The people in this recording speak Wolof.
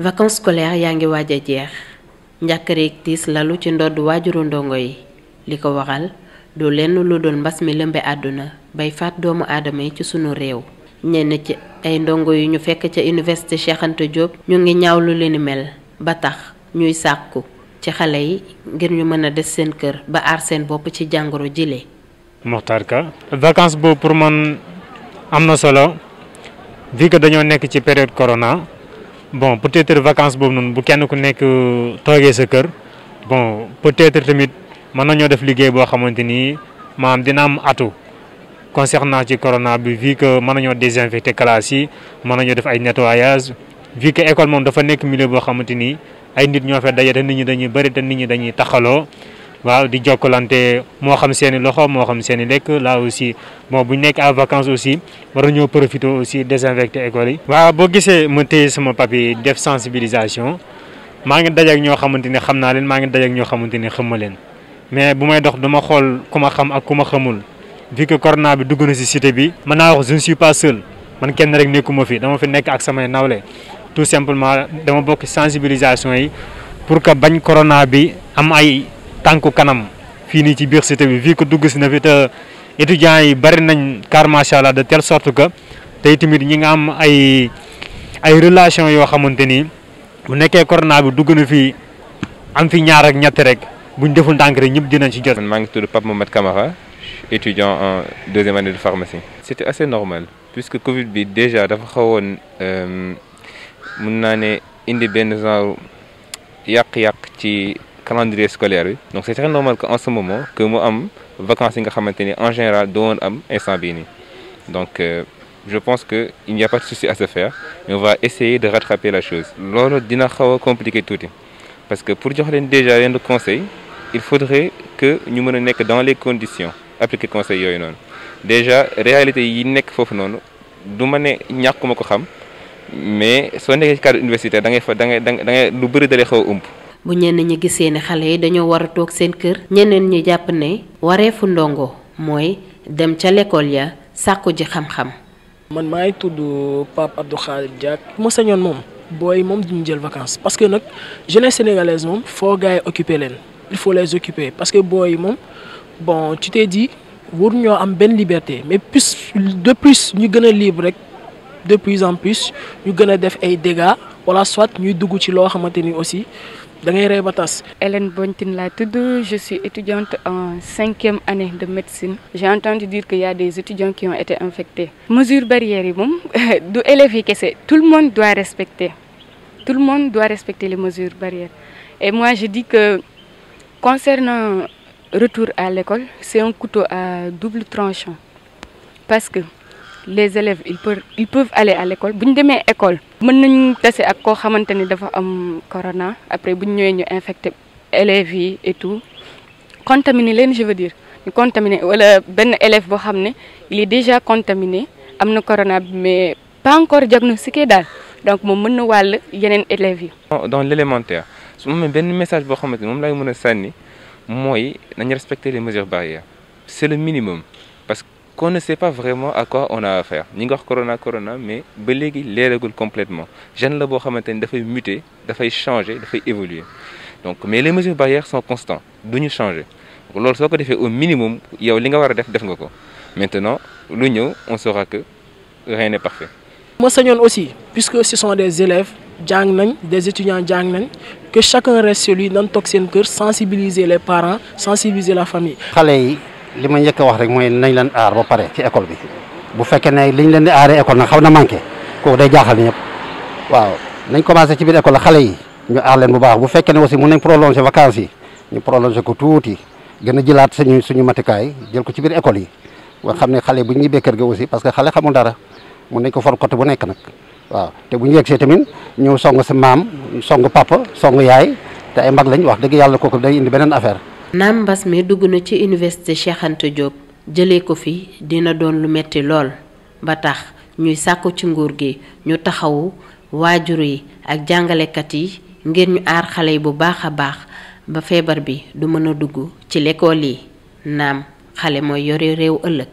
vacances scolaires yaa ngi waaj a jeex njàkkareeg tiis lalu ci ndodd waajuru ndongo yi li ko waxal du lenn lu doon mbas mi lëmbe àdduna bay faat doomu aadama yi ci sunu réew ñenn ci ay ndongo yu ñu fekk ca université Cheikh Anta Diop ñu ngi ñaaw lu leen mel ba tax ñuy sàkku ci xale yi ngir ñu mën a des seen kër ba aar seen bopp ci jàngoro jile. Mokhtar Ka vacance boobu pour man am na solo vu que dañoo nekk ci période corona. bon peut-être vacances boobu noonu bu kenn ku nekk toogee sa kër bon peut-être tamit mën nañoo def liggéey boo xamante ni maanaam dina am atu concernant ci corona bi vu ko mën nañoo désinfecter classes yi mën nañoo def ay nettoyage vu que école moom dafa nekk milieu boo xamante ni ay nit ñoo fee daja te nit ñi dañuy bëri te nit ñi dañuy taxaloo. waaw di jokkalante moo xam seen i loxo moo xam seen i lekk là aussi bon bu ñu nekk à vacances aussi war nañoo profiter aussi désinfecter école yi. waaw boo gisee ma téye sama papier def sensibilisation maa ngi daje ñoo xamante ne xam naa leen maa ngi daje ñoo xamante ne xam ma leen mais bu may dox dama xool ku ma xam ak ku ma xamul vu que corona bi dugg na ci cité bi. mën naa wax je ne suis seul man kenn rek nekkuma fi dama fi nekk ak samay nawle tout simplement dama bokk sensibilisation yi pour que bañ corona bi am ay. tànku kanam fii nii ci biir cité bi fii ko dugg si na fi te étudiants yi bari nañ car macha allah de telle sorte que tey tamit ñi nga am ay ay relation yoo xamante ni bu nekkee corona bi dugg na fii am fi ñaar ak ñetti rek buñ deful ndànk rek ñëpp dinañ ci jot. man maa ngi tudd Pape Mohamed Camara étudiant en deuxième année de pharmacie. c'était assez normal puisque Covid bi déjà dafa xawoon euh, mun naa ne indi benn genre yàq ci. calendrier scolaire bi donc c'est très normal que en ce moment que mu am vacance yi nga xamante ni en général doo woon am instant bii nii donc euh, je pense que il n'y a pas de souci à se faire on va essayer de rattraper la chose loolu dina xaw a compliqué tuuti parce que pour jox leen déjà yenn conseil il faudrait que ñu mën a nekk dans les conditions appliquer conseil yooyu noonu déjà réalité yi nekk foofu noonu du ma ñàkkuma ko xam mais soo nekkee ci cadre universitaire da ngay fa da ngay da ngay lu bëri dalee xaw a ëmb bu ñenn ñi gisee ne xale yi dañoo war a toog seen kër ñeneen ñi jàpp ne wareefu ndongo mooy dem ca lekkool ya sàkku ji xam-xam. man maa ngi tudd Pape Abdou Khadir Diack ma sañoon moom booy moom duñu jël vacance parce que nag jeunesse sénégalaise moom foo gars yi leen il faut les occuper parce que booy moom bon tu t'es dit war ñoo am benn liberté mais plus de plus ñu gën a libre rek de plus en plus ñu gën a def ay dégâts. wala soit ñuy dugg ci loo xamante ni aussi da ngay ree ba tas. Hélène Bontine laa tudd je suis étudiante en cinquième année de médecine j'ai entendu dire qu'il y a des étudiants qui ont été infectés mesure barrière yi moom du élèves y kese tout le monde doit respecter tout le monde doit respecter les mesures barrières et moi je dis que concernant retour à l'école c'est un couteau à double tranchant parce que les élèves ils peuvent ils aller à l'école bu ñu demee école. mën nañ tase ak koo xamante ni dafa am corona après bu ñu ñëwee ñu infecté élèves yi et tout contaminé leen je veux dire ñu contaminé wala benn élève boo xam ne il est déjà contaminé am na corona mais pas encore diagnostiqué daal donc moom mën na wàll yeneen élèves yi. dans l' élémentaire su ma benn message boo xam ni moom laay mën a sànni mooy nañu respecter les mesures barrières c' le minimum qu'on ne sait pas vraiment à quoi on a affaire ñi nga wax corona corona mais ba léegi leeragul complètement gène la boo xamante ni dafay muter dafay changer dafay évoluer donc mais les mesures barrières sont constantes du ñu changer lool soo ko defee au minimum yow li nga war a def def nga ko maintenant lu ñëw on saura que rien n'est parfait. ma sañoon aussi puisque ce sont des élèves jàng nañ des étudiants jàng nañ que chacun reste chez lui nan toog seen kër sensibiliser les parents sensibiliser la famille. xale yi. li ma njëkk a wax rek mooy nañ leen aar ba pare ci école bi bu fekkee ne liñ leen di aaree école nag xaw na manqué kooku day jaaxal ñëpp waaw nañ commencé ci biir école xale yi ñu aar leen bu baax bu fekkee ne aussi mun nañ prolonger vacances yi ñu prolonger ko tuuti gën a jëlaat suñu suñu matukaay jël ko ci biir école yi wa xam ne xale bu ñu ñibbee kër ga aussi parce que xale xamul dara mun nañ ko for côté bu nekk nag waaw te bu ñu yegsee tamit ñëw song sa maam song papa song yaay te ay mag lañ wax dëgg yàlla kooku day indi beneen affaire naam mbas mi dugg na ci université Cheikh Anta jële ko fi dina doon lu metti lool ba tax ñuy sàkku ci nguur gi ñu taxawu waajur yi ak jàngalekat yi ngir ñu aar xale yi bu baax a baax ba feebar bi du mën a dugg ci lekkool yi naam xale mooy yore réew ëllëg